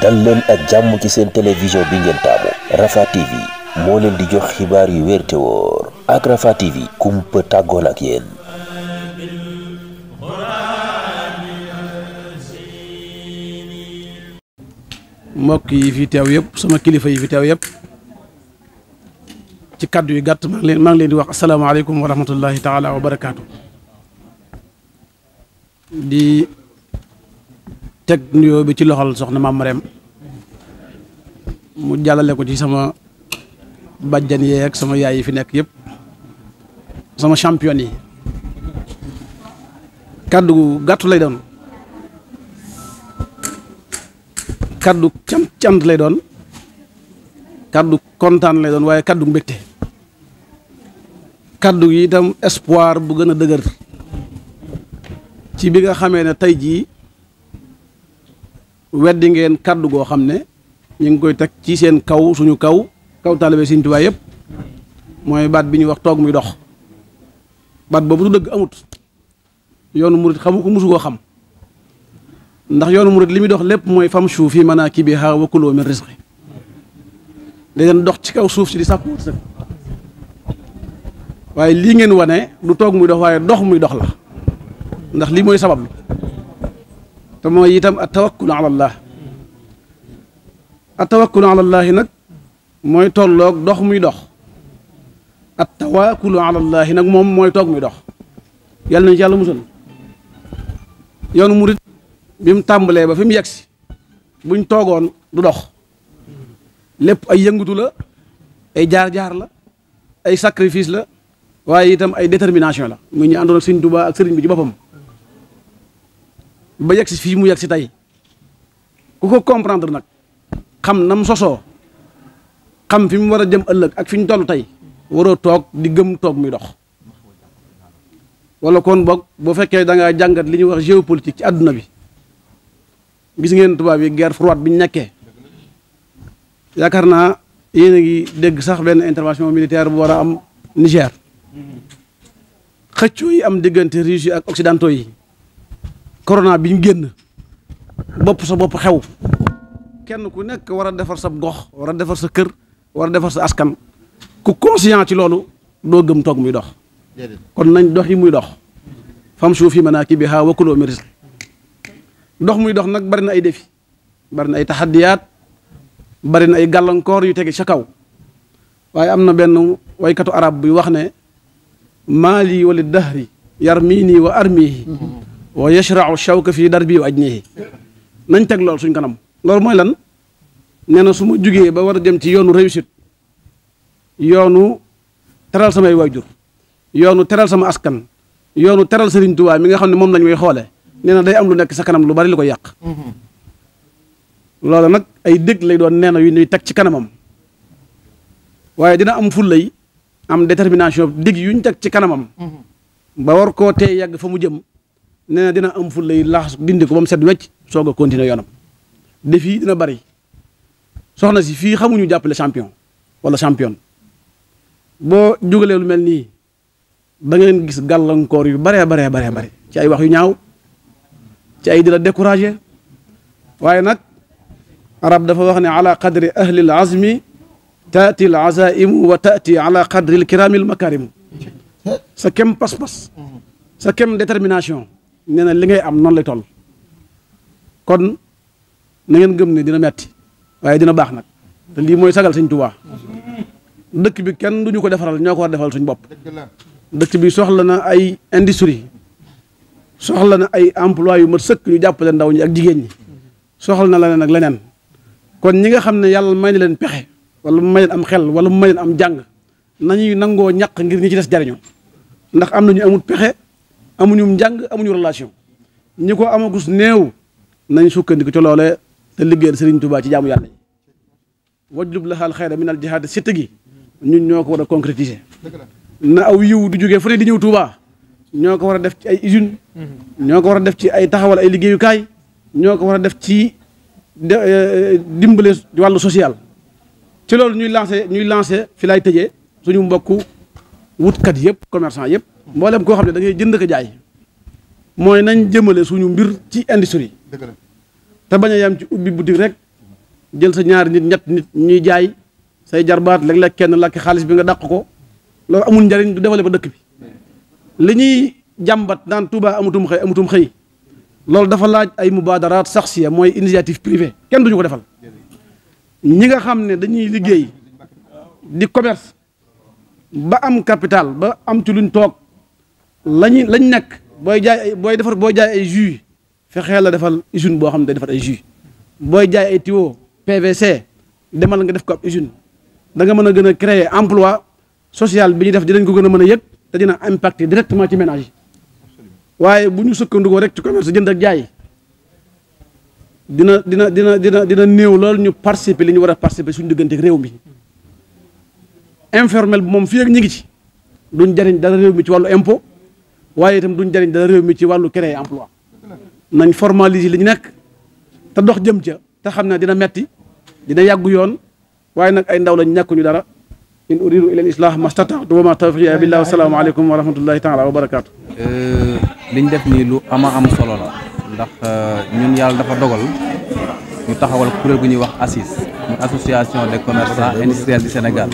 dal ak jàmm ci seen télévision bi ngeen taamu Rafah TV moo leen di jox xibaar yu wér te wóor ak Rafah TV kumpa tàggoon ak yéen. mbokk yi fi teew yëpp suma kilifa yi fi teew yëpp ci kàddu yu gàtt maa leen maa leen di wax asalaamaaleykum wa rahmatullahi taala wa barakaatu di. teg nuyoo bi ci loxol soxna maam Marème mu jàllale ko ci sama bàjjan yeek sama yaay yi fi nekk yëpp sama champion yi kàddu gu gàttu lay doon kàddu cant cant lay doon kàddu kontaan lay doon waaye kaddu mbégte kaddu gi itam espoir bu gën a dëgër ci bi nga xamee ne tey jii weddi ngeen kàddu goo xam ne ñu ngi koy teg ci seen kaw suñu kaw kaw taalibe Sëriñ Tuubaa yëpp mooy baat bi ñuy wax toog muy dox baat boobu du dëgg amut yoonu murit xamu ko musu koo xam ndax yoonu murit li muy dox lépp mooy fam suuf yi manaakibihaa wa kuluu min rizqi da leen dox ci kaw suuf si di sàkku wërsëg waaye lii ngeen wane du toog muy dox waaye dox muy dox la ndax lii mooy sabab bi te mooy itam a tawakkulu ala allah a tawakkulu ala nag mooy tolloog dox muy dox a tawakkulu ala nag moom mooy toog muy dox yàlla nañu ci yàlla musal yoonu murit bi mu tàmbalee ba fi mu yegsi buñ toogoon du dox lépp ay yëngutu la ay jaar-jaar la ay sacrifice la waaye itam ay détermination la mu ñu àndoon ak sëñ Tuubaa ak sëriñ bi ci boppam ba yegg si fii mu yegg si tey ku ko comprendre nag xam nam sosoo xam fi mu war a dem ëllëg ak fi ñu toll tey waroo toog di gëm toog muy dox wala kon boog boo fekkee da ngaa jàngat li ñuy wax géopolitique ci àdduna bi gis ngeen tubaab yi guerre froide bi ñu nekkee yaakaar naa yéen a ngi dégg sax benn intervention militaire bu war a am Niger xëccoo yi am diggante Russie ak Occidentaux yi corona bi ñu génn bopp sa bopp xew kenn ku nekk war a defar sa gox war a defar sa kër war a defar sa askan ku conscient ci loolu doo gëm toog muy dox kon nañ dox yi muy dox famshu fii manaakibihaa wa kuluu min rizq dox muy dox nag bari na ay défi bari na ay taxaddiyaat bari na ay gàllankoor yu tege sa kaw waaye am na benn waykatu arab bi wax ne maali wali dahri yarmiini wa armihi mm-hmm. wa yashra'u shawka fii darbi wa ajnihi nañ teg loolu suñ kanam loolu mooy lan nee na su ma jugee ba war a dem ci yoonu réussite yoonu teral samay waajur yoonu teral sama askan yoonu teral Sëriñ Tuubaa mi nga xam ne moom lañ may xoole nee day am lu nekk sa kanam lu bari lu ko yàq loolu nag ay dégg lay doon nee na yu ñuy teg ci kanamam waaye dina am fullay am détermination dégg yuñ teg ci kanamam ba war koo tee yàgg fa mu jëm nee na dina am fu lay laxas dindi ko ba mu set wecc soog a continuer yoonam def yi dina bari soxna si fii xamuñu jàppale champion wala championne boo jugalee lu mel nii da ngeen gis gàllankoor yu baree baree baree bari ci ay wax yu ñaaw ci ay di la waaye nag arab dafa wax ne ala qadri ahli al azmi taati al azaimu wa ala qadri al kirami sa kem pas-pas sa kem détermination nee li ngay am noonu lay toll kon na ngeen gëm ni dina metti waaye dina baax nag te lii mooy sagal sëñ waa dëkk bi kenn duñu ko defaral ñoo ko war defal suñ bopp dëkk bi soxla na ay industrie soxla na ay emploi yu ma sëkk yu jàppale ndaw ñi ak jigéen ñi soxla na leneen ak leneen kon ñi nga xam ne yàlla may na leen pexe wala mu may leen am xel wala mu may leen am jàng nañuy nangoo ñàq ngir ñi ci des jariñu ndax am na ñu amut pexe amuñu njàng amuñu relation ñi ko amagus néew nañ sukkandiku ci loolee te liggéeyal Sëriñ Tuubaa ci jaamu yàlla yi la laxaal xayra min al jihaad sitt gi ñun ñoo ko war a concrétiser na aw yiw du jógee fu ne di ñëw Tuubaa ñoo ko war a def ci ay usine ñoo ko war a def ci ay taxawal ay liggéeyukaay ñoo ko war a def ci euh, dimbale wàllu sociale ci loolu ñuy lancé ñuy lancé fi laay tëjee suñu mbokku wutkat yëpp commerçant yëpp mboolem koo xam ne dangay jënd ko jaay mooy nañ jëmale suñu mbir ci industrie te bañ a yam ci ubbi boutique rek jël sa ñaari nit ñett nit ñuy jaay say jarbaat léeg-léeg kenn lakk xaalis bi nga dàq ko loolu amul njariñ du ba dëkk bi li ñuy jàmbat naan Touba amutum xëy amutum loolu dafa laaj ay mubaadaraat saxsiya mooy initiative privée kenn duñu ko defal ñi nga xam ne dañuy liggéey di commerce ba am capital ba am ci luñ toog lañu lañ nekk booy jaay ay booy defar booy jaay ay jus fexee la defal usine boo xam ne day defar ay jus booy jaay ay tuyau PVC demal nga def ko ab usine da nga mën a gën a créer emplois sociale bi ñuy def dinañ ko gën a mën a yëg te dina impacter directement ci ménage yi waaye bu ñu sëkkandikoo rek ci commerce jënd ak jaay dina dina dina dina dina néew lool ñu participer li ñu war a participer suñu diggante réew mi informel bi moom fii ak ñu ngi ci duñ jariñ dara ci wàllu impôt waaye itam duñ jariñ dara réew mi ci wàllu créer emploi nañ formaliser li ñu nekk te dox jëm ca te xam na dina metti dina yàgg yoon waaye nag ay ndaw lañ nekkuñu dara in uridu ila al islah mastata'tu wa ma tawfiqi billahi wasalaamu aleykum wa rahmatullahi taala wa barakaatu euh, liñ def nii lu ama am solo la ndax euh, ñun yàlla dafa dogal ñu taxawal kuréel gu ñuy wax assis muy association des commerçants industriels du Sénégal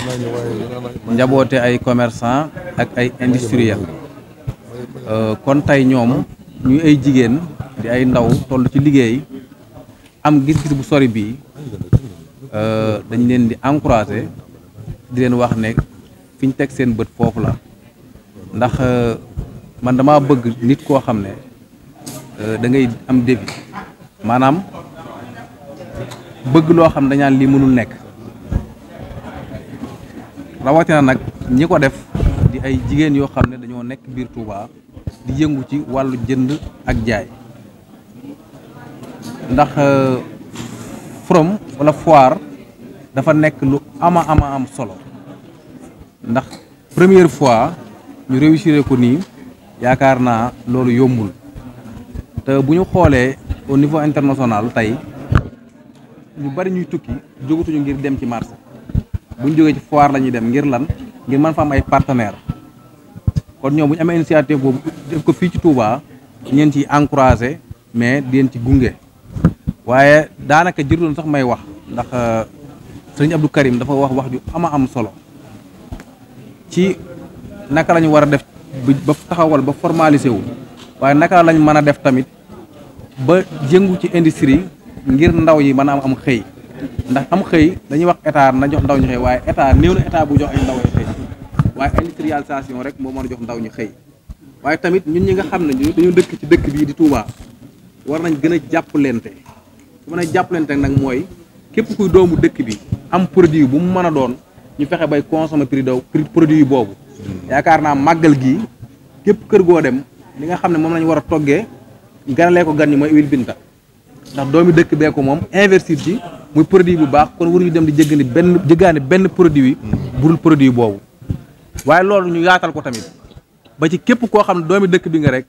njaboote ay commerçants ak ay industriels Euh, kon tey ñoom ñu ay jigéen di ay ndaw toll ci liggéey am gis-gis bu sori bii euh, dañ leen di encourager di leen wax ne fi ñu teg seen bët foofu la ndax euh, man dama bëgg nit koo xam ne dangay am début maanaam bëgg loo xam ne dañaan lii mënul nekk rawatina nag ñi ko def di ay jigéen yoo xam ne dañoo nekk biir Touba di yëngu ci wàllu jënd ak jaay ndax euh, forum wala foire dafa nekk lu ama ama am solo ndax première fois ñu réussir ko ni yaakaar naa loolu yombul te bu ñu xoolee au niveau international tey ñu bari ñuy tukki jógatuñu ngir dem ci marché bu ñu jógee ci foire la ñuy dem ngir lan ngir mën fa am ay partenaires. kon ñoom bu ñu amee initiative boobu def ko fii ci Touba ñeen ciy encouragé mais di leen ci gunge waaye daanaka jër jëruloon sax may wax ndax euh, sëriñ Abdou Karim dafa wax wax ju ama am solo ci naka lañu war a def ba taxawal ba formalisé wu waaye naka lañ mën a def tamit ba jëngu ci industrie ngir ndaw yi mën a am am xëy ndax am xëy dañuy wax état na jox ndaw ñu xëy waaye état néew na état bu jox ay ndaw waaye industrialisation rek moo mën a jox ndaw ñu xëy waaye tamit ñun ñi nga xam ne ñu dañu dëkk ci dëkk bii di Touba war nañ gën a jàppalante su mën a jàppalante nag mooy képp kuy doomu dëkk bi am produit bu mu mën a doon ñu fexe bay consommer prix daw produit boobu yaakaar naa màggal gii képp kër goo dem li nga xam ne moom lañu war a toggee ganalee ko gan ñi mooy huile binta ndax doomi dëkk bee ko moom investir ci muy produit bu baax kon waruñu dem di jëggani benn jëggaani benn produit mm. bu produit boobu waaye loolu ñu yaatal ko tamit ba ci képp koo xam ne doomi dëkk bi nga rek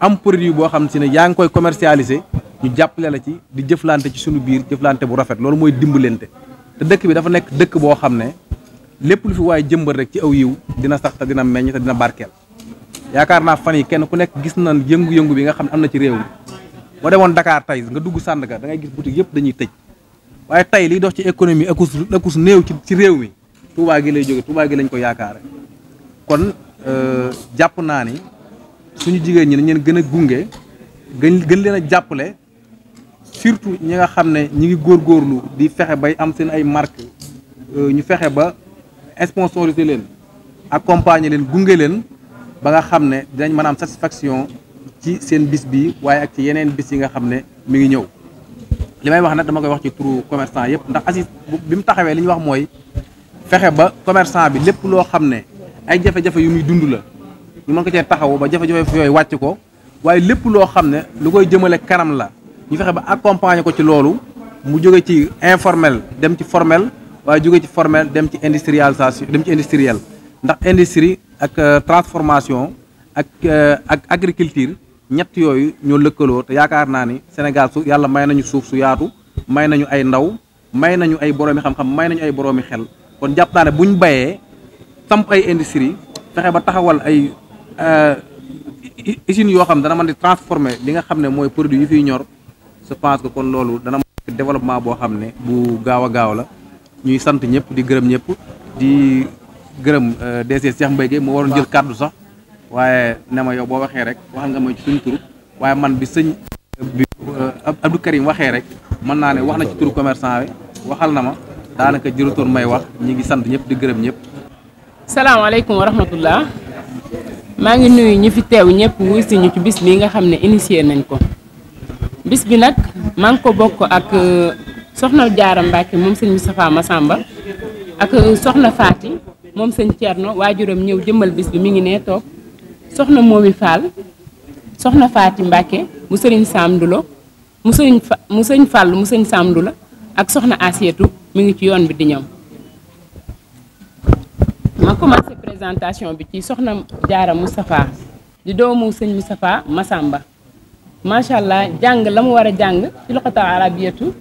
am produit boo xam si ne yaa ngi koy commercialiser ñu jàppale la ci di jëflante ci sunu biir jëflante bu rafet loolu mooy dimbalente te dëkk bi dafa nekk dëkk boo xam ne lépp lu fi waaye jëmbal rek ci aw yiw dina sax te dina meññ te dina barkeel yaakaar naa fan yi kenn ku nekk gis na yëngu-yëngu bi nga xam ne am na ci réew mi boo demoon Dakar tey nga dugg Sandaga da ngay gis yëpp dañuy tëj waaye tey liy dox ci économie akus akus néew ci ci réew mi Touba gi lay jóge Touba gi lañ ko yaakaare kon euh, jàpp naa ni suñu jigéen ñi dañ leen gën a gunge gën leen a jàppale surtout ñi nga xam ne ñi ngi góor góorlu di fexe bay am seen ay marque euh, ñu fexe ba sponsorisé leen accompagner leen gunge leen ba nga xam ne dinañ mën a am satisfaction ci seen bis bi waaye ak ci yeneen bis yi nga xam ne mi ngi ñëw li may wax nag dama koy wax ci turu commerçant yëpp ndax assis bi mu taxawee li ñu wax mooy fexe ba commerçant bi lépp loo xam ne ay jafe-jafe yu muy dund la ñu mën ko cee taxawu ba jafe-jafe yooyu wàcc ko waaye lépp loo xam ne lu koy jëmale kanam la ñu fexe ba accompagner ko ci loolu mu jóge ci informel dem ci formel waaye jóge ci formel dem ci industrialisation dem ci industriel ndax industrie ak euh, transformation ak euh, ak agriculture ñett yooyu ñoo lëkkaloo te yaakaar naa ni Sénégal su yàlla may nañu suuf su yaatu may nañu ay ndaw may nañu ay boroomi xam-xam may nañu ay boroomi xel samp ay industrie fexe ba taxawal ay euh, usines yoo xam dana mën di transformer li nga xam ne mooy produit yi fiy ñor je pense que kon loolu dana mën développement boo xam ne bu gaaw a gaaw la ñuy sant ñëpp di gërëm ñëpp di gërëm euh, DG Cheikh Mbaye Guèye moo waroon jël kàddu sax waaye ne ma yow boo waxee rek wax nga mooy ci suñu tur waaye man bi sëñ bi euh, Abdou Karim waxee rek mën naa ne wax na ci turu commerçant bi waxal na ma daanaka jërutoon may wax ñi ngi sant ñëpp di gërëm ñëpp salaamaaleykum wa rahmatullah maa ngi nuyu ñi fi teew ñëpp wuy si ñu ci bis bi nga xam ne initié nañ ko bis bi nag maa ngi ko bokk ak euh, soxna Jaara Mbàkke moom sëñ Moustapha Massamba ak euh, soxna Faati moom sëñ Thierno waajuram ñëw jëmmal bis bi mi ngi nee toog soxna Moomi Fall soxna Faati Mbàkke mu sëriñ Samdulo mu sëriñ mu sëñ Fall mu sëñ Samdulo ak soxna Asietu mu ngi ci yoon bi di ñëw ma commencé présentation bi ci soxna Jaara Moustapha di doomu sëñ Moustapha Massamba macha allah jàng la mu war a jàng ci loxatal arabiyatu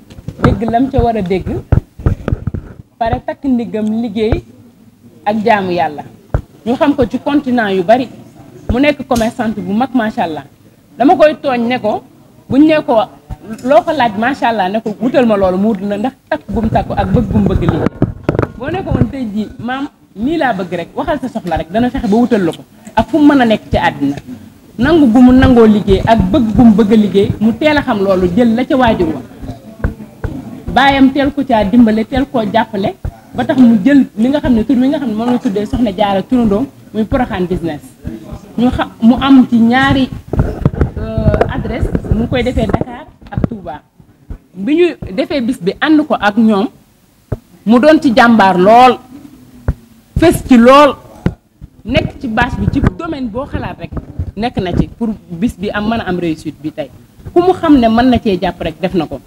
dégg lam ca war a dégg pare takk ndiggam liggéey ak jaamu yàlla ñu xam ko ci continent yu bari mu nekk commerçante bu mag macha allah dama koy tooñ ne ko buñ ne ko loo ko laaj macha allah ne ko wutal ma loolu mu wut la ndax takk gum takku ak bëgg gum bëgg liggéey boo ne ko woon tey maam nii laa bëgg rek waxal sa soxla rek dana fexe ba wutal la ko ak fu mu mën a nekk ci àddina nangu gu mu nangoo liggéey ak bëgg gu mu bëgg a liggéey mu teel a xam loolu jël la ca waajur wa baayam teel ko caa dimbale teel koo jàppale ba tax mu jël li nga xam ne tur wi nga xam ne moom la tuddee soxna jaara turandoom muy Porokhane business ñu xam mu am ci ñaari euh, adresse mu koy defee Dakar ak Touba bi ñu defee bis bi ànd ko ak ñoom mu doon ci jàmbaar lool fës ci lool nekk ci bâche bi ci domaine boo xalaat rek nekk na ci pour bis bi am man a am réussite bi tey ku mu xam ne mën na cee jàpp rek def na ko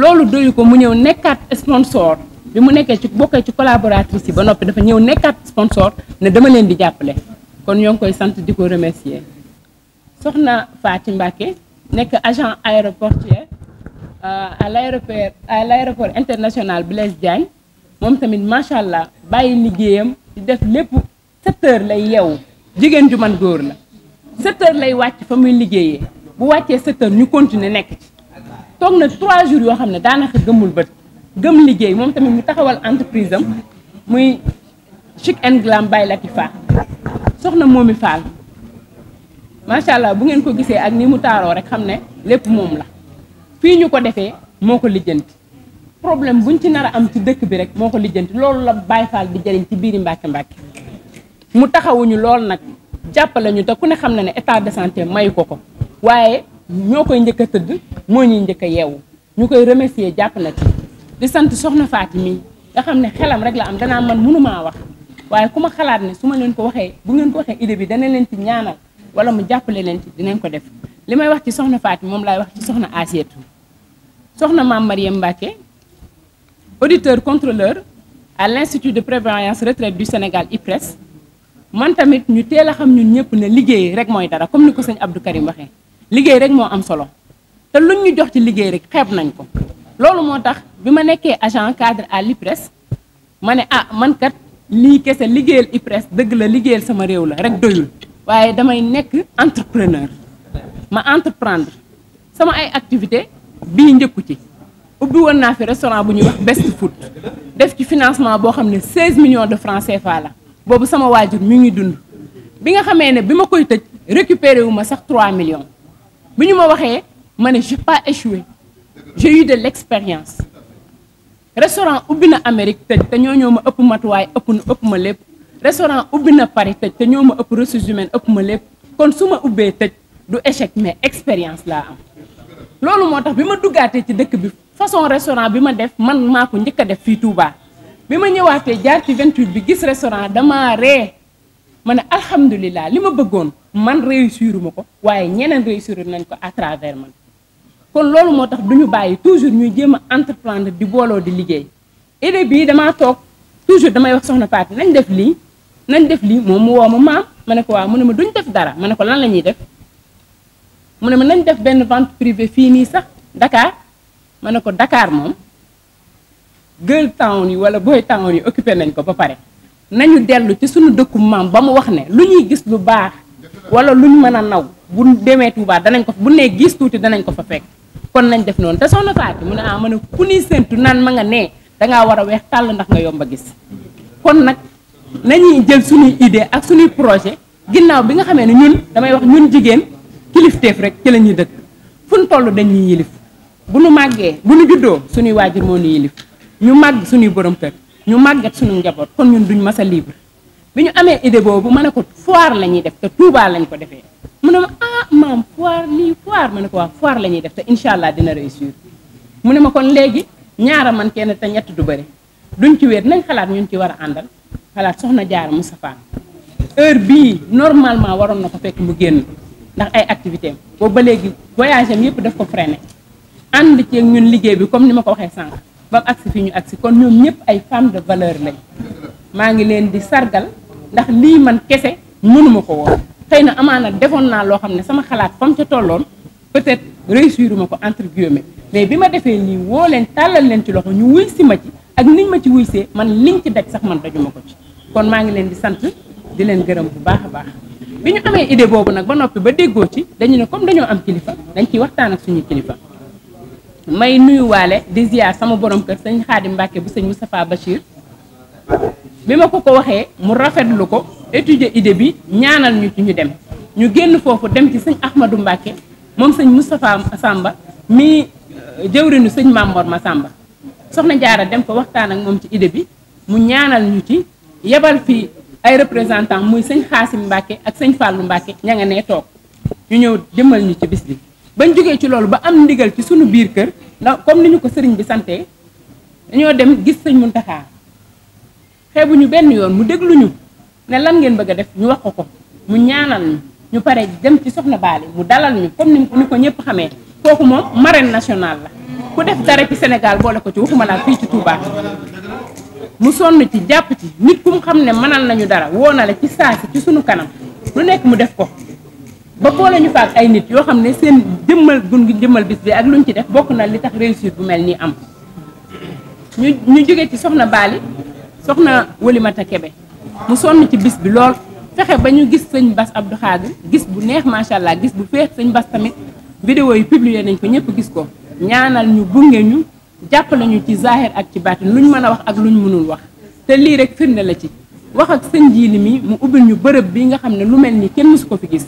loolu doyu ko mu ñëw nekkaat sponsor bi mu nekkee ci bokkee ci collaboratrice yi ba noppi dafa ñëw nekkaat sponsor ne dama leen di jàppale kon ñoo ngi koy sant di ko remercier soxna Fatou Mbacké nekk agent aéroportuaire euh, à l'aéroport à l'aéroport international Blaise Diagne moom tamit macha allah bàyyi liggéeyam di def lépp sept lay yeewu jigéen ju man góor la sept lay wàcc fa muy liggéeyee bu wàccee sept ñu continuer nekk ci toog na trois jours yoo xam ne daanaka gëmul bët gëm liggéey moom tamit mu taxawal entreprise am muy Chic and Glam by Latifa soxna Momi Fall macha allah bu ngeen ko gisee ak ni mu taaroo rek xam ne lépp moom la fii ñu ko defee moo ko lijjanti problème buñ ci nar a am ci dëkk bi rek moo ko lijjanti loolu la Baye Fall di jariñ ci biiri Mbàkke Mbàkke mu taxawuñu lool nag jàppale ñu te ku ne xam na ne état de santé mayu ko ko waaye ñoo koy njëkk a tëdd moo ñuy njëkk a yeewu ñu koy remercier jàppale ci di sant soxna Faati mi nga xam ne xelam rek la am danaa man mënumaa wax waaye ku ma xalaat ne su ma leen ko waxee bu ngeen ko waxee idée bi dana leen ci ñaanal wala mu jàppale leen ci dinañ ko def li may wax ci soxna Faati moom laay wax soxna Asiyetu soxna maam Mariam Mbàkke auditeur contrôleur à l'institut de prévoyance retraite du Sénégal IPRES man tamit ñu teel a xam ñun ñëpp ne liggéey rek mooy dara comme ni ko sëñ Abdou Karim waxe liggéey rek moo am solo te luñ ñu jox ci liggéey rek xeeb nañ ko loolu moo tax bi ma nekkee agent cadre à l'IPRES ma ne ah mankat kat kese liggéeyal IPRES dëgg la liggéeyal sama réew la rek doyul waaye damay nekk entrepreneur ma entreprendre sama ay activité bii njëkku ci ubbi woon naa fi restaurant bu ñuy wax best food def ci financement boo xam ne 16 millions de francs CFA la boobu sama waajur mu ngi dund bi nga xamee ne bi ma koy tëj récupéré wu ma sax 3 millions bi ñu ma waxee ma ne j'ai pas échoué j'ai de l'expérience restaurant ubbi na Amérique tëj te ñoo ñoo ma ëpp matuwaay ëpp na ëpp ma lépp restaurant ubbi na Paris tëj te ñoo ma ëpp ressources humaines ëpp ma lépp kon su ma ubbee tëj du échec mais expérience laa am loolu moo tax bi ma duggaatee ci dëkk bi façon restaurant bi ma def man maa ko njëkk a def fii Touba bi ma ñëwaatee jaar ci 28 bi gis restaurant damaa ree ma ne alhamdulilah li ma bëggoon man réussir ma ko waaye ñeneen réussir nañ ko à travers man. kon loolu moo tax du ñu bàyyi toujours ñuy jéem a entreprendre di booloo di liggéey idée bii damaa toog toujours damay wax soxna Fatou nañ def lii nañ def lii moom mu woo ma maam ma ne ko waaw mu ne ma duñ def dara ma ne ko lan la ñuy def mu ne ma nañ def benn vente privée fii nii sax Dakar. ma ne ko dakaar moom girl town yi wala boy town yi occupé nañ ko ba pare nañu dellu ci suñu dëkku maam ba mu wax ne lu ñuy gis lu baax wala lu ñu mën a naw bu demee Touba danañ ko bu nee gis tuuti danañ ko fa fekk kon nañ def noonu te soxna Faati mu ne ah ma ne ku ni séntu naan ma nga nee dangaa war a weex tàll ndax nga yomb a gis kon nag nañuy jël suñuy idée ak suñuy projet ginnaaw bi nga xamee ne ñun damay wax ñun jigéen kilifteef rek ci la ñuy dëkk fu ñu toll dañuy yilif bu nu màggee bu nu juddoo suñuy waajur moo nu yilif ñu màgg suñuy borom kër ñu màgget suñu njaboot kon ñun duñ mas a libre bi ñu amee idée boobu ma ne ko foir la ñuy def te Touba lañ ko defee mu ne ma ah maam foire lii foire ma ne ko wax la ñuy def te incha allah dina réussir mu ne ma kon léegi ñaara man kenn te ñett du bëri duñ ci wéet nañ xalaat ñun ci war a àndal xalaat soxna Jaara Moustapha heure bii normalement waroon na ko fekk mu génn ndax ay activité am boobu ba léegi voyage am yëpp daf ko freiné ànd ci ñun liggéey bi comme ni ma ko waxee sànq ba mu agsi fi ñu agsi kon ñoom ñëpp ay femme de valeur lañ maa ngi leen di sargal ndax lii man kese mënuma ko woon xëy na amaana defoon naa loo xam ne sama xalaat fam ca tolloon peut-être réussir ma ko entre guillemets mais bi ma defee lii woo leen tàllal leen ci loxo ñu wuy si ma ci ak niñ ma ci wuy man liñ ci daj sax man dajuma ko ci kon maa ngi leen di sant di leen gërëm bu baax a baax bi ñu amee idée boobu nag ba noppi ba déggoo ci dañu ne dañoo am kilifa dañ ciy waxtaan ak suñu kilifa may nuyuwaale di ziar sama borom kër sëñ Xaadim Mbàkke bu sëñ Moustapha Bachir bi ma ko ko waxee mu rafetlu ko étudier idée bi ñaanal ñu ci ñu dem ñu génn foofu dem ci sëñ Ahmadou Mbàkke moom sëñ Moustapha Samba mi euh, jëwrinu sëñ Mamor ma Samba soxna jaara dem ko waxtaan ak moom ci idée bi mu ñaanal ñu ci yebal fii ay représentant muy sëñ Xaasim Mbàkke ak sëñ Fàllu Mbàkke ña nga toog ñu ñëw jëmmal ñu ci bis bi bañ jógee ci loolu ba am ndigal ci suñu biir kër ndax comme ni ñu ko sëriñ bi sante dañoo dem gis sañ sëñ Muntaxa xeebuñu benn yoon mu dégluñu ne lan ngeen bëgg a def ñu wax ko ko mu ñaanal ñu ñu pare dem ci soxna Baali mu dalal ñu comme ni ni ko ñëpp xamee kooku moom marraine nationale la ku def dara ci Sénégal boole ko ci waxuma laa fii ci Touba mu sonn ci jàpp ci nit ku mu xam ne mënal nañu dara woo na la ci saa si ci sunu kanam lu nekk mu def ko ba boole ñu faak ay nit yoo xam ne seen jëmmal gun jëmmal bis bi ak luñ ci def bokk na li tax réussir bu mel ni am ñu ñu jóge ci soxna Bali soxna Walimata Kebe mu sonn ci bis bi lool fexe ba ñu gis sëñ Bass Abdou Khadre gis bu neex macha allah gis bu feex sañ Bass tamit vidéo yi publier nañ ko ñëpp gis ko ñaanal ñu gunge ñu jàppale ñu ci zahir ak ci baatin luñ mën a wax ak luñ mënul wax te lii rek firnde la ci wax ak sëñ jiili mi mu ubbil ñu bërëb bi nga xam ne lu mel ni kenn mësu ko fi gis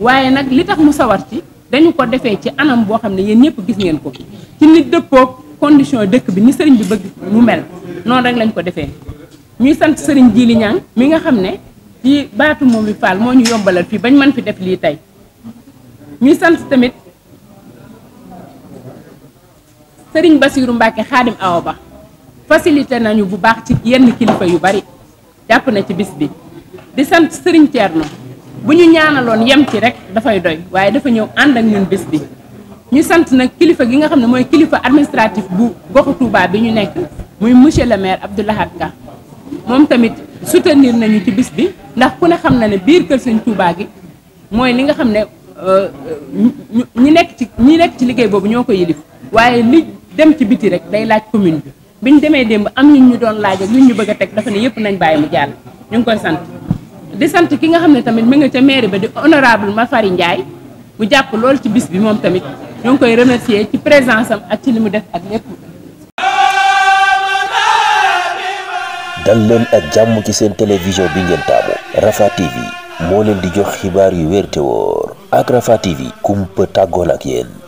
waaye nag li tax mu sawar ci dañu ko defee ci anam boo xam ne yéen ñëpp gis ngeen ko ci nit dëppoog condition dëkk bi ni sëriñ bi bëgg mu mel noonu rek lañ ko defee ñuy sant sëriñ jii Jili Ñaang mi nga xam ne ci baatu moom bi Fall moo ñu yombalal fii bañ mën fi def lii tey ñuy sant tamit sëriñ Basiiru Mbàkke Xaadim Awa Ba facilité nañu bu baax ci yenn kilifa yu bari jàpp na ci bis bi di sant sëriñ na bu ñu ñaanaloon yem ci rek dafay doy waaye dafa ñëw ànd ak ñun bés bi ñu sant nag kilifa gi nga xam ne mooy kilifa administratif bu goxu Touba bi ñu nekk muy monsieur le maire Abdou Lahad Ka moom tamit soutenir nañu ci bis bi ndax ku ne xam na ne biir kër sëñ Touba gi mooy li nga xam ne euh, ñi nekk ci ñi nekk ci liggéey boobu ñoo ko yilif waaye li dem ci biti rek day laaj commune bi ñu demee démb am ñu ñu doon laaj ak ñu bëgg a teg dafa ne yëpp nañ bàyyi mu jàll sant di sant ki nga xam ne tamit mu nga ca mairie ba di honorable fari Ndiaye bu jàpp lool ci bis bi moom tamit ñoo ngi koy remercier ci présence ak ci li mu def ak lépp. dal leen ak jàmm ci seen télévision bi ngeen taamu Rafah TV moo leen di jox xibaar yu wér te wóor ak Rafah TV kumpa tàggoon ak yéen.